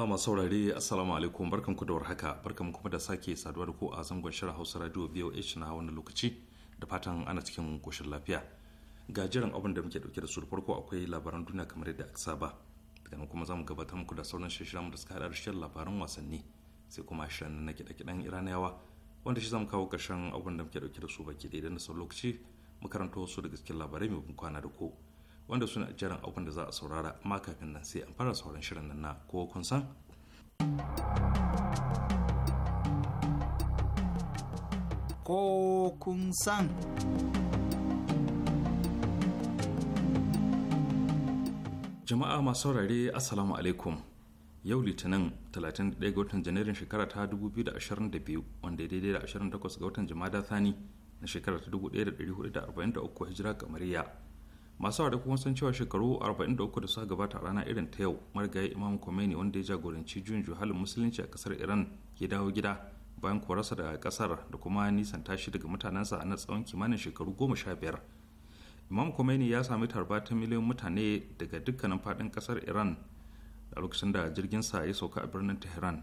jama'a masu saurare assalamu alaikum barkan ku da warhaka barkan kuma da sake saduwa da ku a zangon shirin hausa radio voh na wani lokaci da fatan ana cikin koshin lafiya ga jiran abin da muke dauke da su da farko akwai labaran duniya kamar yadda aka saba daga nan kuma zamu gabatar muku da sauran shirin da suka hada da shirin labaran wasanni sai kuma shirin na kiɗe-kiɗen iraniyawa wanda shi zamu kawo ƙarshen abin da muke dauke da su baki ɗaya da sauran lokaci mu karanto wasu daga cikin labarai mai kwana da ku wanda suna jiran abin da za a saurara amma kafin nan sai an fara sauran shirin nan na kowa kun san ko kun san jama'a masu saurare assalamu alaikum yau litinin 31 ga watan janairun shekara ta 2022 wanda daidai da 28 ga watan jama'a thani na shekara ta 1443 hijira kamariya masu da kuma san cewa shekaru 43 da suka gabata a rana irin ta yau marigayi imam khomeini wanda ya jagoranci juyin juhalin musulunci a kasar iran ya dawo gida bayan korasa daga kasar da kuma nisan tashi daga mutanensa na tsawon kimanin shekaru 15 imam khomeini ya sami tarba ta miliyan mutane daga dukkanin faɗin kasar iran a lokacin da jirgin sa ya sauka a birnin tehran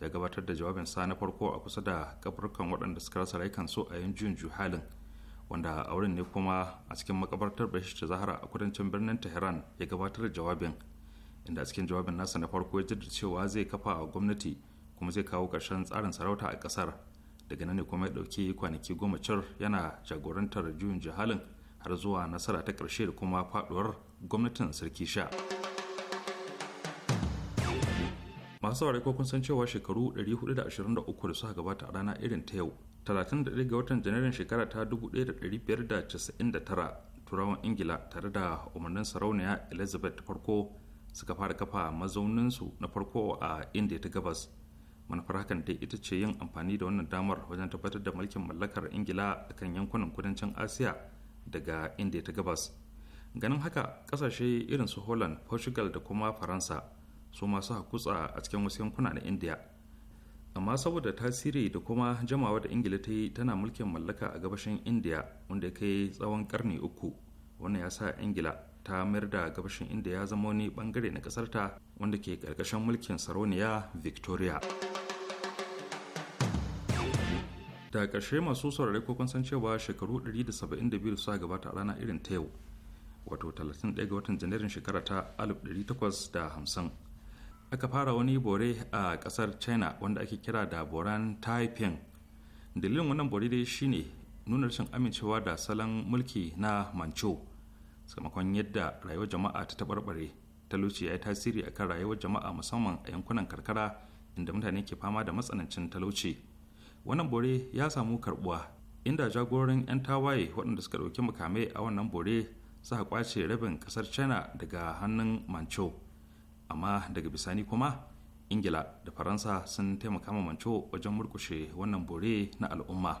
ya gabatar da jawabinsa na farko a kusa da kafurkan waɗanda suka rasa rayukansu a yin juyin juhalin wanda a wurin ne kuma a cikin makabartar bashir zahara a kudancin birnin tehran ya gabatar da jawabin inda a cikin jawabin nasa na farko ya jirgin cewa zai kafa a gwamnati kuma zai kawo ƙarshen tsarin sarauta a ƙasar daga nan ne kuma ya ɗauki kwanaki goma cir yana jagorantar juyin jihalin har zuwa nasara ta karshe da kuma faɗuwar gwamnatin sarki sha masu saurari ko kun san cewa shekaru 423 da suka gabata a rana irin ta yau 31 ga watan janairun shekara ta 1599 turawan ingila tare da umarnin sarauniya elizabeth farko suka fara kafa mazauninsu na farko a india ta gabas manufar hakan dai ita ce yin amfani da wannan damar wajen tabbatar da mulkin mallakar ingila a kan yankunan kudancin asiya daga india ta gabas ganin haka kasashe irin su holland portugal da kuma faransa su masu hakutsa a cikin wasu yankuna na india amma saboda tasiri da kuma jamawa da ingila ta yi tana mulkin mallaka a gabashin indiya wanda ya kai tsawon karni uku wannan ya sa ingila ta mayar da gabashin indiya ya zama wani bangare na kasarta wanda ke karkashin mulkin sarauniya victoria da karshe masu saurare ko kun san cewa shekaru 172 suka gabata a rana irin ta yau wato 31 ga watan janairun shekara ta 1850 aka fara wani bore a kasar china wanda ake kira da boran taiping dalilin wannan bore dai shine nuna rashin amincewa da salon mulki na manchu sakamakon yadda rayuwar jama'a ta ta talauci ya yi tasiri akan rayuwar jama'a musamman a yankunan karkara inda mutane ke fama da matsanancin talauci wannan bore ya samu karbuwa inda jagororin 'yan tawaye waɗanda suka ɗauki mukamai a wannan bore suka kwace rabin ƙasar china daga hannun manchu amma daga bisani kuma ingila da faransa sun taimaka manco wajen murkushe wannan bore na al'umma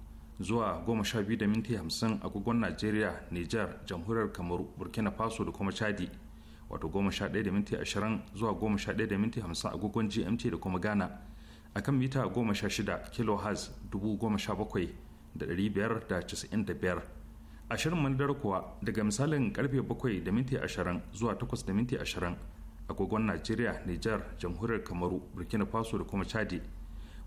zuwa goma sha biyu da minti agogon najeriya niger jamhuriyar kamaru burkina faso da kuma chadi wato goma sha ɗaya da zuwa goma sha ɗaya agogon gmt da kuma ghana akan mita goma sha shida kilohertz dubu goma sha bakwai da da da biyar ashirin manadar kuwa daga misalin karfe bakwai da minti ashirin zuwa takwas da minti agogon najeriya niger jamhuriyar kamaru burkina faso da kuma chadi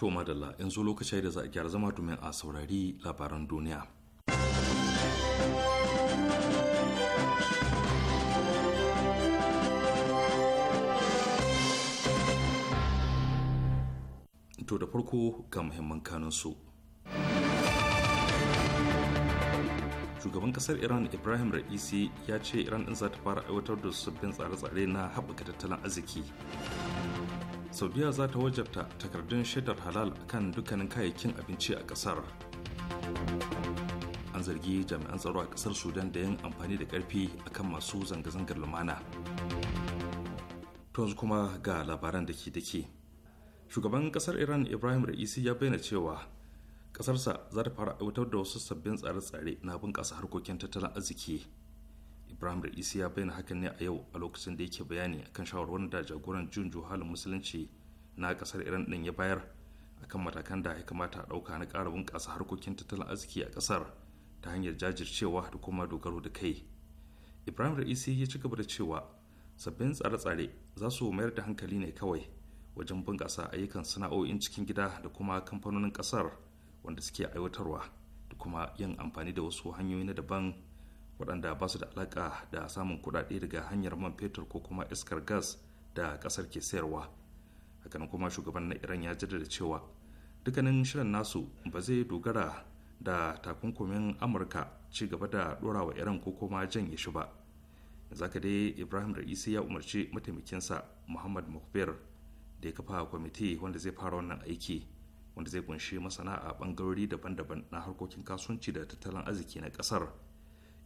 To madalla yanzu lokaci da za a gyara zama domin a saurari labaran duniya. To da farko ga muhimman kanunsu. Shugaban kasar Iran Ibrahim Ra'isi ya ce Iran ɗin za ta fara aiwatar da sabbin tsare-tsare na haɓaka tattalin arziki. saudiya za ta wajabta takardun shaidar halal kan dukkanin kayayyakin abinci a kasar an zargi jami'an tsaro a kasar sudan da yin amfani da karfi akan masu zanga-zangar lumana to kuma ga labaran da ke da ke. shugaban kasar iran ibrahim ra'isi ya bayyana cewa kasarsa za ta fara aiwatar da wasu sabbin tsare-tsare na bunƙasa harkokin tattalin arziki ibrahim ra'isi ya bayyana hakan ne a yau a lokacin da yake bayani akan shawarwar da jagoran jun juhalin musulunci na kasar iran din ya bayar akan matakan da ya kamata a ɗauka na ƙara bunƙasa harkokin tattalin arziki a ƙasar ta hanyar jajircewa da kuma dogaro da kai ibrahim ra'isi ya ci gaba da cewa sabbin tsare-tsare za su mayar da hankali ne kawai wajen bunƙasa ayyukan sana'o'in cikin gida da kuma kamfanonin ƙasar wanda suke aiwatarwa da kuma yin amfani da wasu hanyoyi na daban waɗanda ba su da alaƙa da samun kuɗaɗe daga hanyar man fetur ko kuma iskar gas da ƙasar ke sayarwa hakanan kuma shugaban na iran ya jaddada cewa dukkanin shirin nasu ba zai dogara da takunkumin amurka ci gaba da ɗora wa iran ko kuma janye shi ba zaka dai ibrahim ra'isi ya umarci mataimakinsa muhammad mukbir da ya kafa kwamiti wanda zai fara wannan aiki wanda zai kunshi masana a bangarori daban-daban na harkokin kasuwanci da tattalin arziki na ƙasar.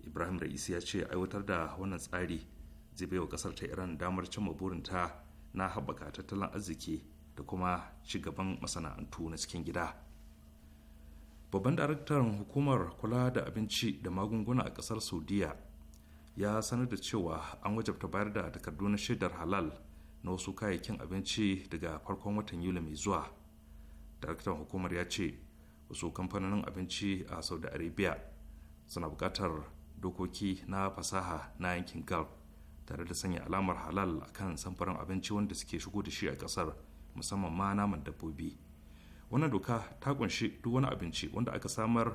ibrahim ra'isi ya ce aiwatar da wannan tsari zai baiwa kasar ta iran damar cimma burinta na haɓaka tattalin arziki da kuma ci gaban masana'antu na cikin gida babban daraktan hukumar kula da abinci da magunguna a kasar saudiya ya sanar da cewa an wajabta bayar da takardu na shaidar halal na wasu kayayyakin abinci daga farkon watan yuli mai zuwa daraktan hukumar ya ce wasu kamfanonin abinci a saudi arabia suna buƙatar dokoki na fasaha na yankin gulf tare da sanya alamar halal a kan samfuran abinci wanda suke shigo da shi a kasar musamman ma naman dabbobi wannan doka ta kunshi duk wani abinci wanda aka samar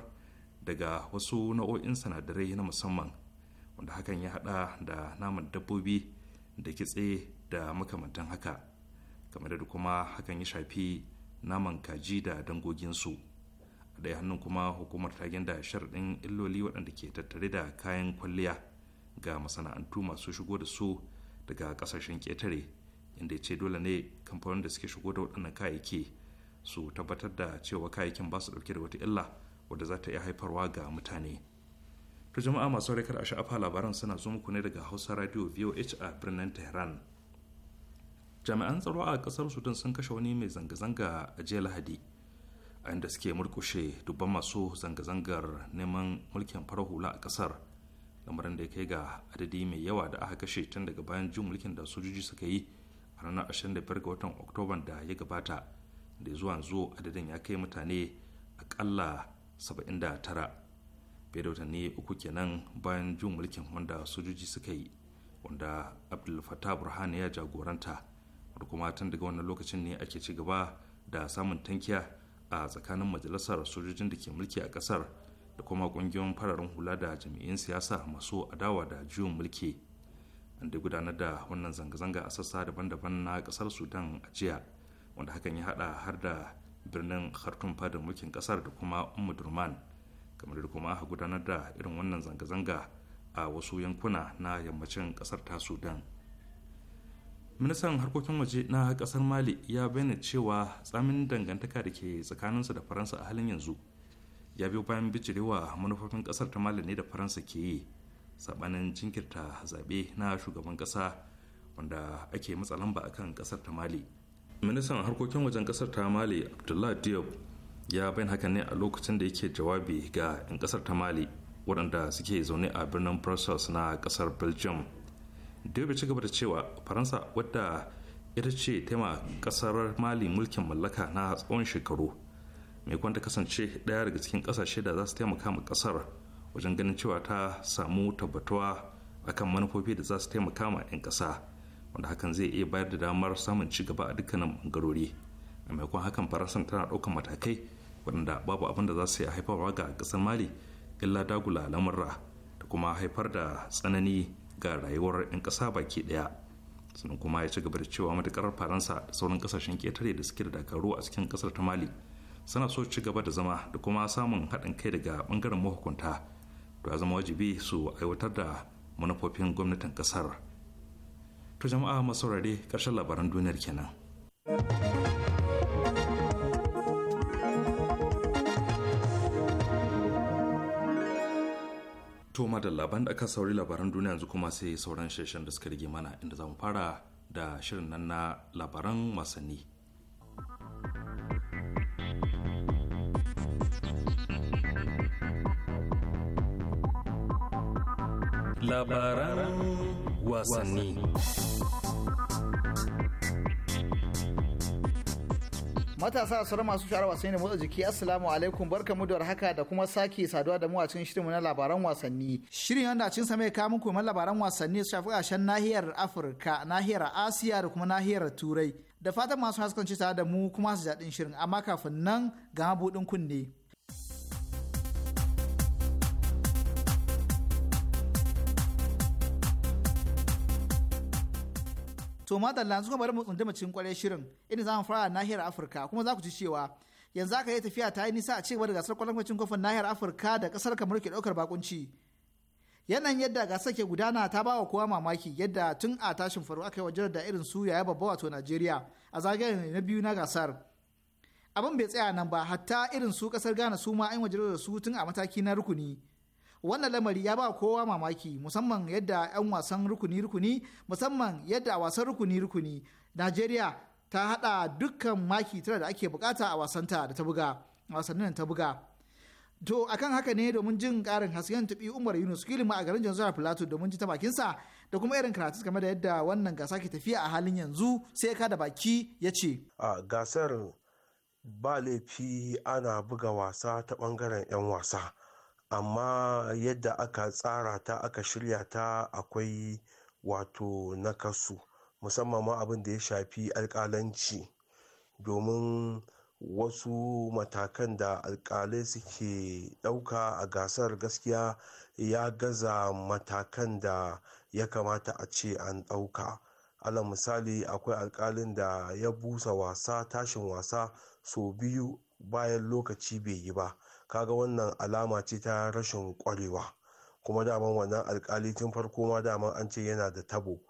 daga wasu nau'o'in sinadarai na musamman wanda hakan ya hada da naman dabbobi da kitse da makamantan haka kamar da kuma hakan ya shafi naman kaji da dangoginsu ɗaya hannun kuma hukumar ta gyanda sharaɗin illoli waɗanda ke tattare da kayan kwalliya ga masana'antu masu shigo da su daga ƙasashen ƙetare inda ya ce dole ne kamfanin da suke shigo da waɗannan kayayyaki su tabbatar da cewa kayayyakin ba su ɗauke da wata illa wadda za ta iya haifarwa ga mutane ta jama'a masu rikar a sha'afa labaran suna zo muku ne daga hausa radio voh a birnin tehran jami'an tsaro a kasar sudan sun kashe wani mai zanga-zanga a jiya lahadi a inda suke murkushe dubban masu zanga-zangar neman mulkin farar hula a kasar lamarin da ya kai ga adadi mai yawa da aka kashe tun daga bayan jin mulkin da sojoji suka yi a ranar 25 ga watan Oktoba da ya gabata da zuwa zo adadin ya kai mutane akalla 79 fiye da watanni uku kenan bayan jin mulkin wanda sojoji suka yi wanda abdul fatah burhan ya jagoranta kuma tun daga wannan lokacin ne ake ci gaba da samun tankiya a tsakanin majalisar sojojin da ke mulki a kasar da kuma kungiyoyin fararen hula da jami'in siyasa masu adawa da juyin mulki an da gudanar da wannan zanga-zanga a sassa daban-daban na kasar sudan a jiya wanda hakan ya hada har da birnin khartoum fadar mulkin kasar da kuma umudurman kamar da kuma aka gudanar da irin wannan zanga-zanga a wasu yankuna na yammacin kasar ta sudan ministan harkokin waje na kasar mali ya bayyana cewa tsamin dangantaka da ke tsakaninsa da faransa a halin yanzu ya biyo bayan bijirewa manufofin kasar ta mali ne da faransa ke yi sabanin jinkirta zaɓe na shugaban ƙasa wanda ake matsa lamba akan kasar ta mali ministan harkokin wajen kasar ta mali abdullahi diop ya bayyana hakan ne a lokacin da yake jawabi ga 'yan kasar ta mali waɗanda suke zaune a birnin brussels na kasar belgium Diop ci gaba da cewa Faransa wadda ita ce tema kasar Mali mulkin mallaka na tsawon shekaru mai kwanta kasance daya daga cikin kasashe da za su taimaka ma kasar wajen ganin cewa ta samu tabbatuwa akan manufofi da za su taimaka ma 'yan kasa wanda hakan zai iya bayar da damar samun ci gaba a dukkanin bangarori a maimakon hakan faransa tana ɗaukar matakai waɗanda babu abin da za su yi haifarwa ga kasar mali illa dagula lamurra da kuma haifar da tsanani ga rayuwar 'yan ƙasa baki ɗaya sannan kuma ya ci gaba da cewa matuƙar faransa da sauran ƙasashen ketare da suke da dakaru a cikin ƙasar ta mali suna so ci gaba da zama da kuma samun haɗin kai daga ɓangaren mahukunta to ya zama wajibi su aiwatar da manufofin gwamnatin ƙasar to jama'a masaurare ƙarshen labaran duniyar kenan. to da labaran da aka saurari labaran duniya yanzu kuma sai sauran sheshen da suka rige mana inda zamu fara da shirin nan na labaran wasanni labaran wasanni matasa sauran masu sha'ar wasanni da motsa jiki assalamu alaikum barka mu da haka da kuma sake saduwa da mu a cikin shirinmu na labaran wasanni shirin yanda cin sa mai kawo muku labaran wasanni su shafi ƙarshen nahiyar afirka nahiyar asiya da kuma nahiyar turai da fatan masu haskanci tare da mu kuma su jaɗin shirin amma kafin nan ga mabuɗin kunne. To madalla yanzu bari mu tsunduma cikin kwarai shirin inda za mu fara nahiyar Afirka kuma za ku ji cewa yanzu aka yi tafiya ta yi nisa a cigaba da gasar kwallon kofin nahiyar Afirka da kasar kamar ke daukar bakunci. yanayin yadda gasar ke gudana ta bawa kowa mamaki yadda tun a tashin faru aka yi wajen da irin su yaya babba wato Najeriya a zagayen na biyu na gasar. Abin bai tsaya nan ba hatta irin su kasar Ghana su ma an wajen da su tun a mataki na rukuni wannan lamari ya ba kowa mamaki musamman yadda 'yan wasan rukuni-rukuni musamman yadda wasan rukuni-rukuni najeriya ta hada dukkan maki tara da ake bukata a wasanta da ta buga wasannin ta buga to akan haka ne domin jin karin hasken tabi umar yunus kilima a garin janzuwar plateau domin ji ta bakinsa da kuma irin karatu game da yadda wannan gasa ke tafiya a halin yanzu sai ka da baki ya ce a gasar ba laifi ana buga wasa ta bangaren 'yan wasa amma yadda aka tsara ta aka shirya ta akwai wato nakasu musamman ma abin da ya shafi alƙalanci domin wasu matakan da alƙalai suke ɗauka a gasar gaskiya ya gaza matakan da ya kamata a ce an ɗauka ala misali akwai alƙalin da ya busa wasa tashin wasa sau biyu bayan lokaci bai yi ba kaga wannan alama ce ta rashin ƙwarewa, kuma daman wannan alkali tun farko ma daman an ce yana da tabo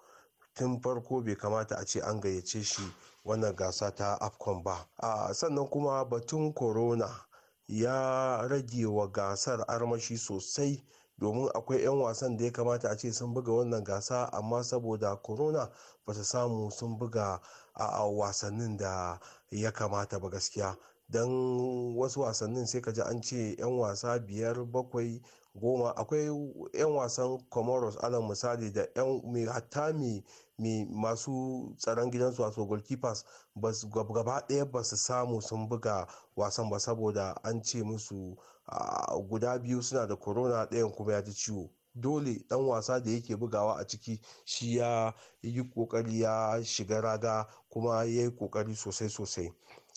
tun farko bai kamata a ce an gayyace shi wannan gasa ta afcon ba a sannan kuma batun corona ya rage wa gasar armashi sosai domin akwai 'yan wasan da ya kamata a ce sun buga wannan gasa amma saboda corona ba ta samu sun buga a wasannin da ya kamata ba gaskiya don wasu wasannin sai ka ji an ce 'yan wasa biyar bakwai goma akwai 'yan wasan comoros alan misali da 'yan mai hatta mai masu tsaron gidan su wasu goalkeepers gaba ɗaya ba su samu sun buga wasan ba saboda an ce musu guda biyu suna da corona ɗayan kuma ya ji ciwo dole dan wasa da yake bugawa a ciki shi ya yi kokari ya shiga raga kuma ya yi kokari sosai sosai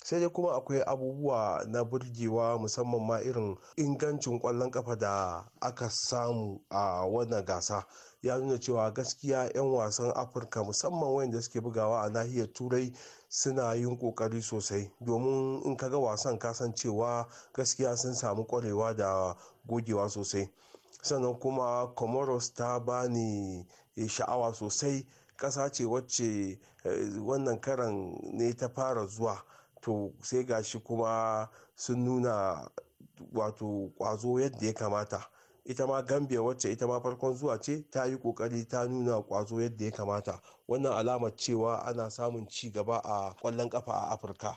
sai dai kuma akwai abubuwa na burgewa musamman ma irin ingancin kwallon kafa da aka samu a wannan gasa ya nuna cewa gaskiya 'yan wasan afirka musamman wayanda suke bugawa a nahiyar turai suna yin kokari sosai domin in kaga wasan kasancewa gaskiya sun samu kwarewa da gogewa sosai sannan kuma comoros ta bani sha'awa sosai ƙasa ce wacce eh, wannan karan ne ta fara zuwa to sai gashi kuma sun nuna wato kwazo yadda ya kamata ita ma gambia wacce ita ma farkon zuwa ce ta yi kokari ta nuna kwazo yadda ya kamata wannan alamar cewa ana samun ci gaba a kwallon kafa a afirka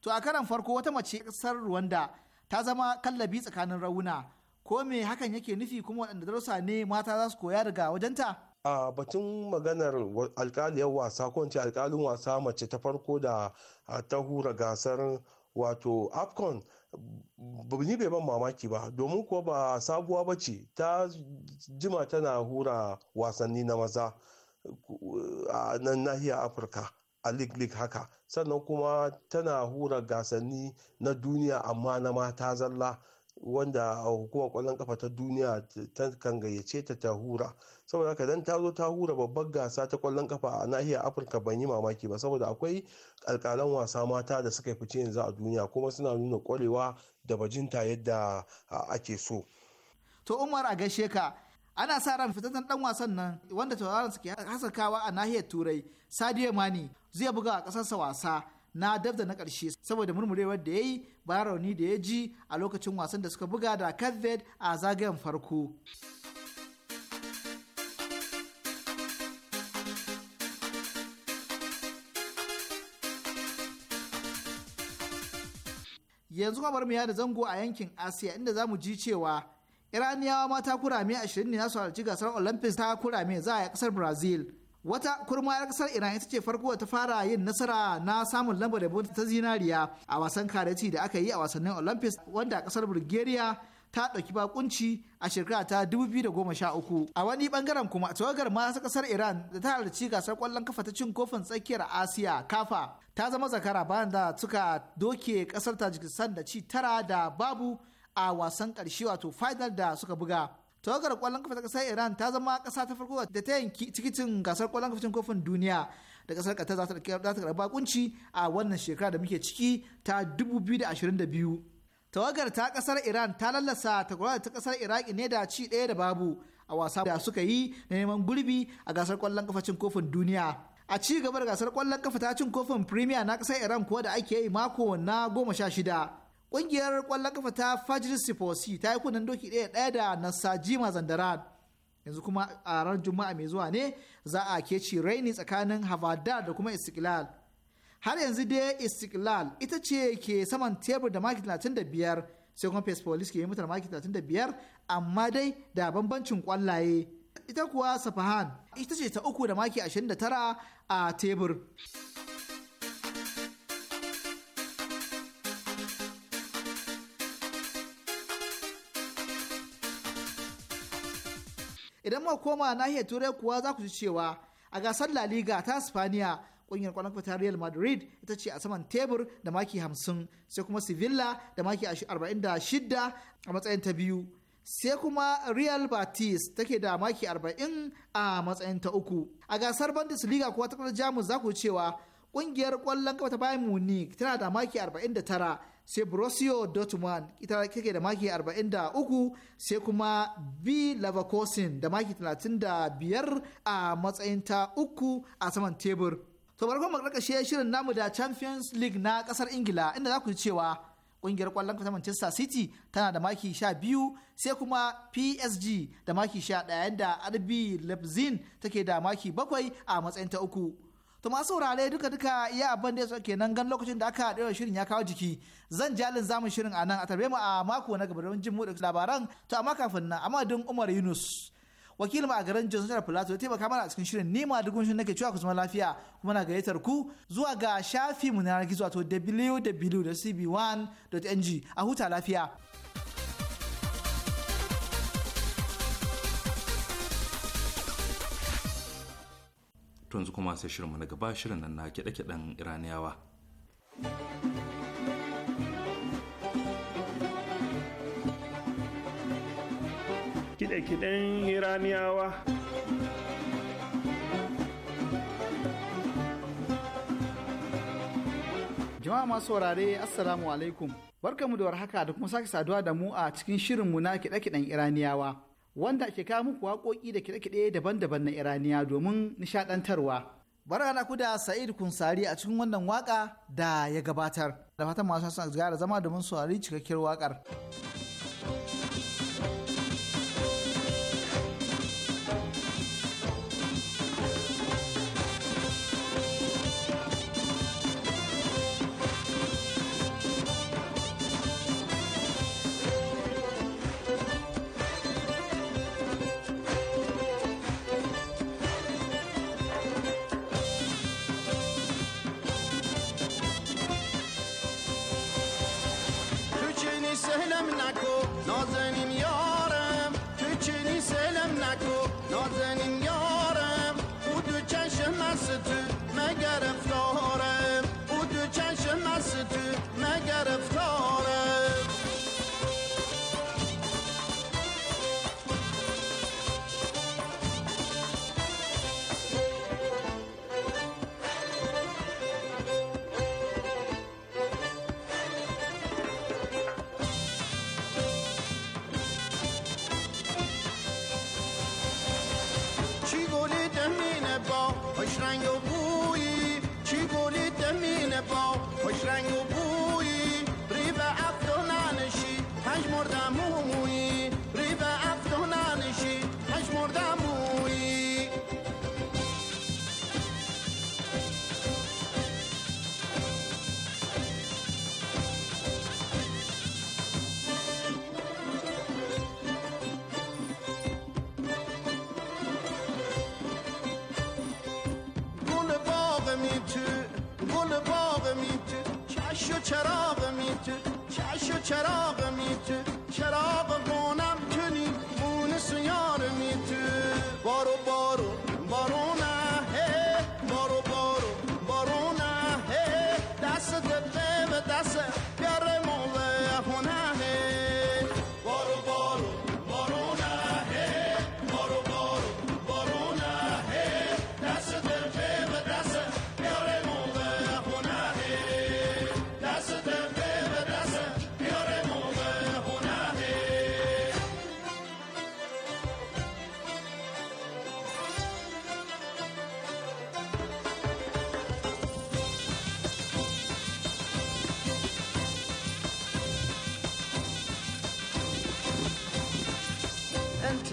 to a karan farko wata mace kasar rwanda ta zama kallabi tsakanin rauna ko me hakan yake nufi kuma waɗanda darussa ne mata za su koya daga wajenta a batun maganar alkaliyar wasa ko ce alkalin wasa mace ta farko da ta hura gasar wato afcon ni bai ban mamaki ba domin kuwa ba sabuwa ba ce ta jima tana hura wasanni na maza a nan nahiyar afirka a league haka sannan kuma tana hura gasanni na duniya amma na mata zalla wanda hukumar kwallon kafa ta duniya ta kan gayyace ta ta hura saboda haka dan ta zo ta hura babbar gasa ta kwallon kafa a nahiyar afirka ban yi mamaki ba saboda akwai alkalan wasa mata da suka fice yanzu a duniya kuma suna nuna kwarewa da bajinta yadda ake so to umar a gaishe ka ana sa ran fitattun dan wasan nan wanda tauraron suke hasakawa a nahiyar turai sadio mani zai buga a kasarsa wasa na daf na ƙarshe saboda murmurewar da ya yi bayan rauni da ya ji a lokacin wasan da suka buga da Kadved a zagayen farko. yanzu kuma ya mu yada zango a yankin Asiya inda za mu ji cewa Iraniyawa mata kurame 20 ne na su halarci gasar Olympics ta kurame za a kasar Brazil. wata kurmayar kasar iran ita ce farko ta fara yin nasara na samun lambar yabo ta zinariya a wasan kareti da aka yi a wasannin olympics wanda kasar bulgaria ta ɗauki bakunci a shekara ta 2013 a wani bangaren kuma tawagar masu kasar iran da ta halarci gasar kwallon kafa ta cin kofin tsakiyar asiya kafa ta zama zakara bayan da suka doke kasar tajikistan da ci tara da babu a wasan ƙarshe wato final da suka buga tawagar kwallon kafa ta kasar iran ta zama kasa ta farko da ta yanki tikitin gasar kwallon kafa kofin duniya da kasar qatar za ta karba bakunci a wannan shekara da muke ciki ta 2022 tawagar ta kasar iran ta lallasa takwarar ta kasar iraki ne da ci ɗaya da babu a wasa da suka yi na neman gurbi a gasar kwallon kafa cin kofin duniya a ci gaba da gasar kwallon kafa ta cin kofin premier na kasar iran kuwa da ake yi mako na goma sha shida Ƙungiyar kwallon kafa ta Fajr Sifosi ta yi kunan doki ɗaya ɗaya da Nasajima Zandaran. Yanzu kuma a ran Juma'a mai zuwa ne za a keci raini tsakanin havada da kuma Istiklal. Har yanzu dai Istiklal ita ce ke saman tebur da maki 35 sai kuma Persepolis ke yi mutar maki 35 amma dai da bambancin kwallaye Ita kuwa Safahan ita ce ta uku da maki 29 a tebur. idan ma koma nahiyar turai kuwa za ku ji cewa a gasar la liga ta spaniya kungiyar kwallon kwata Real Madrid ita ce a saman tebur da maki 50 sai kuma Sevilla da maki 46 a matsayin ta biyu sai kuma Real batis take da maki 40 a matsayin ta uku a gasar Bundesliga kuwa ta Jamus za ku cewa kungiyar kwallon kafa ta bayan Munich tana da maki 49 sai Borussia Dortmund ita kake da maki 43 sai kuma B Leverkusen da maki 35 a matsayin ta uku a saman tebur. To barkon karkashe shirin namu da Champions League na kasar Ingila inda za ku ji cewa kungiyar kwallon ta Manchester City tana da maki 12 sai kuma PSG da maki 11 da RB Leipzig take da maki 7 a matsayin ta uku. to ma saurare duka duka iya abin da ya sauke nan gan lokacin da aka ɗaura shirin ya kawo jiki zan jalin zamun shirin a nan a tarbe mu a mako na gaba don jin mu da labaran to amma kafin nan amma don Umar Yunus wakilin a garin Jos Jihar filato ya taimaka mana a cikin shirin ni ma dukkan shirin nake cewa ku zama lafiya kuma na gayyatar ku zuwa ga shafi mu na gizo wato www.cb1.ng a huta lafiya. to yanzu kuma sai shirinmu na gaba shirin nan na kiɗe-kiɗen iraniyawa kiɗe-kiɗen iraniyawa jama'a masu saurare assalamu alaikum barkamu da warhaka da kuma sake saduwa da mu a cikin shirinmu na kiɗe-kiɗen iraniyawa wanda ke kawo muku waƙoƙi da kiɗe-kiɗe daban-daban na iraniya domin nishaɗantarwa barana ku da sa'id kunsari a cikin wannan waƙa da ya gabatar da fatan masu son gara zama domin saurari cikakkiyar waƙar. چی گلی مینه با خوش رنگ و بویی چی گلی مینه با خوش رنگ و بویی چراغ تو چش و چراغ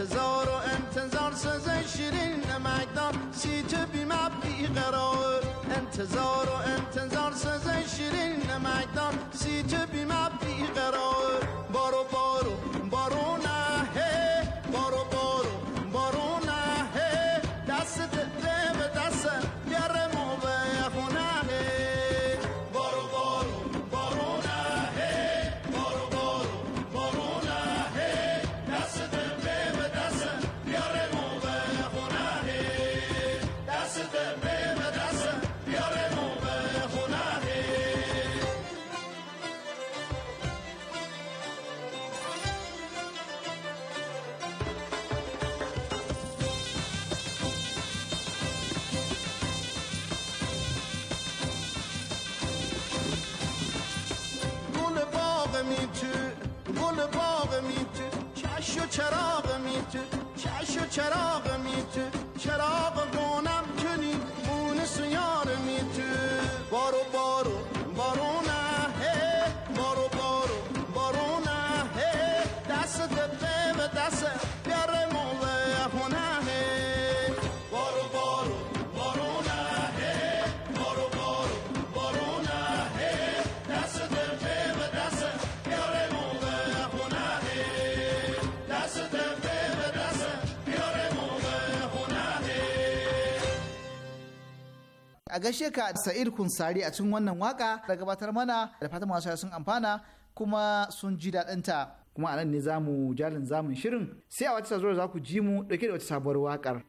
انتظار و انتظار سزه شیرین نمکدان سی تو بی مبنی قرار انتظار و انتظار سزه شیرین نمکدان سی تو بی قرار gaishe ka Sa'id Kunsari a cikin wannan waka da gabatar mana da fatan masu sun amfana kuma sun ji daɗinta. Kuma a nan ne zamu jalin zamun shirin sai a wata sazuwar za ku ji mu ɗauke da wata sabuwar waƙar.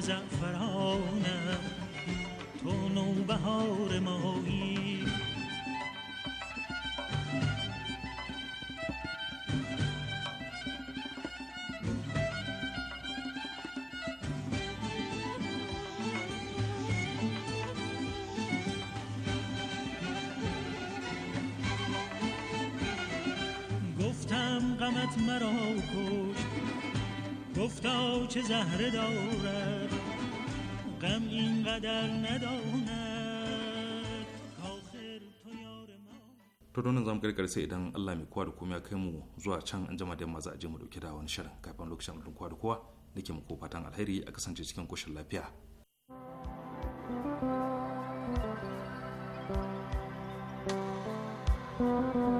زعفرانم تو نوبهار مایی غمت مرا کشت گفتا چه زهره دارد غم اینقدر نداند آخر تو یار ما to donin zamu karkare sai idan Allah mai kowa da komai ya kai mu zuwa can an jama da yamma za a je mu dauki da wani shirin kafin lokacin mu kowa da kowa nake muku fatan alheri a kasance cikin koshin lafiya thank you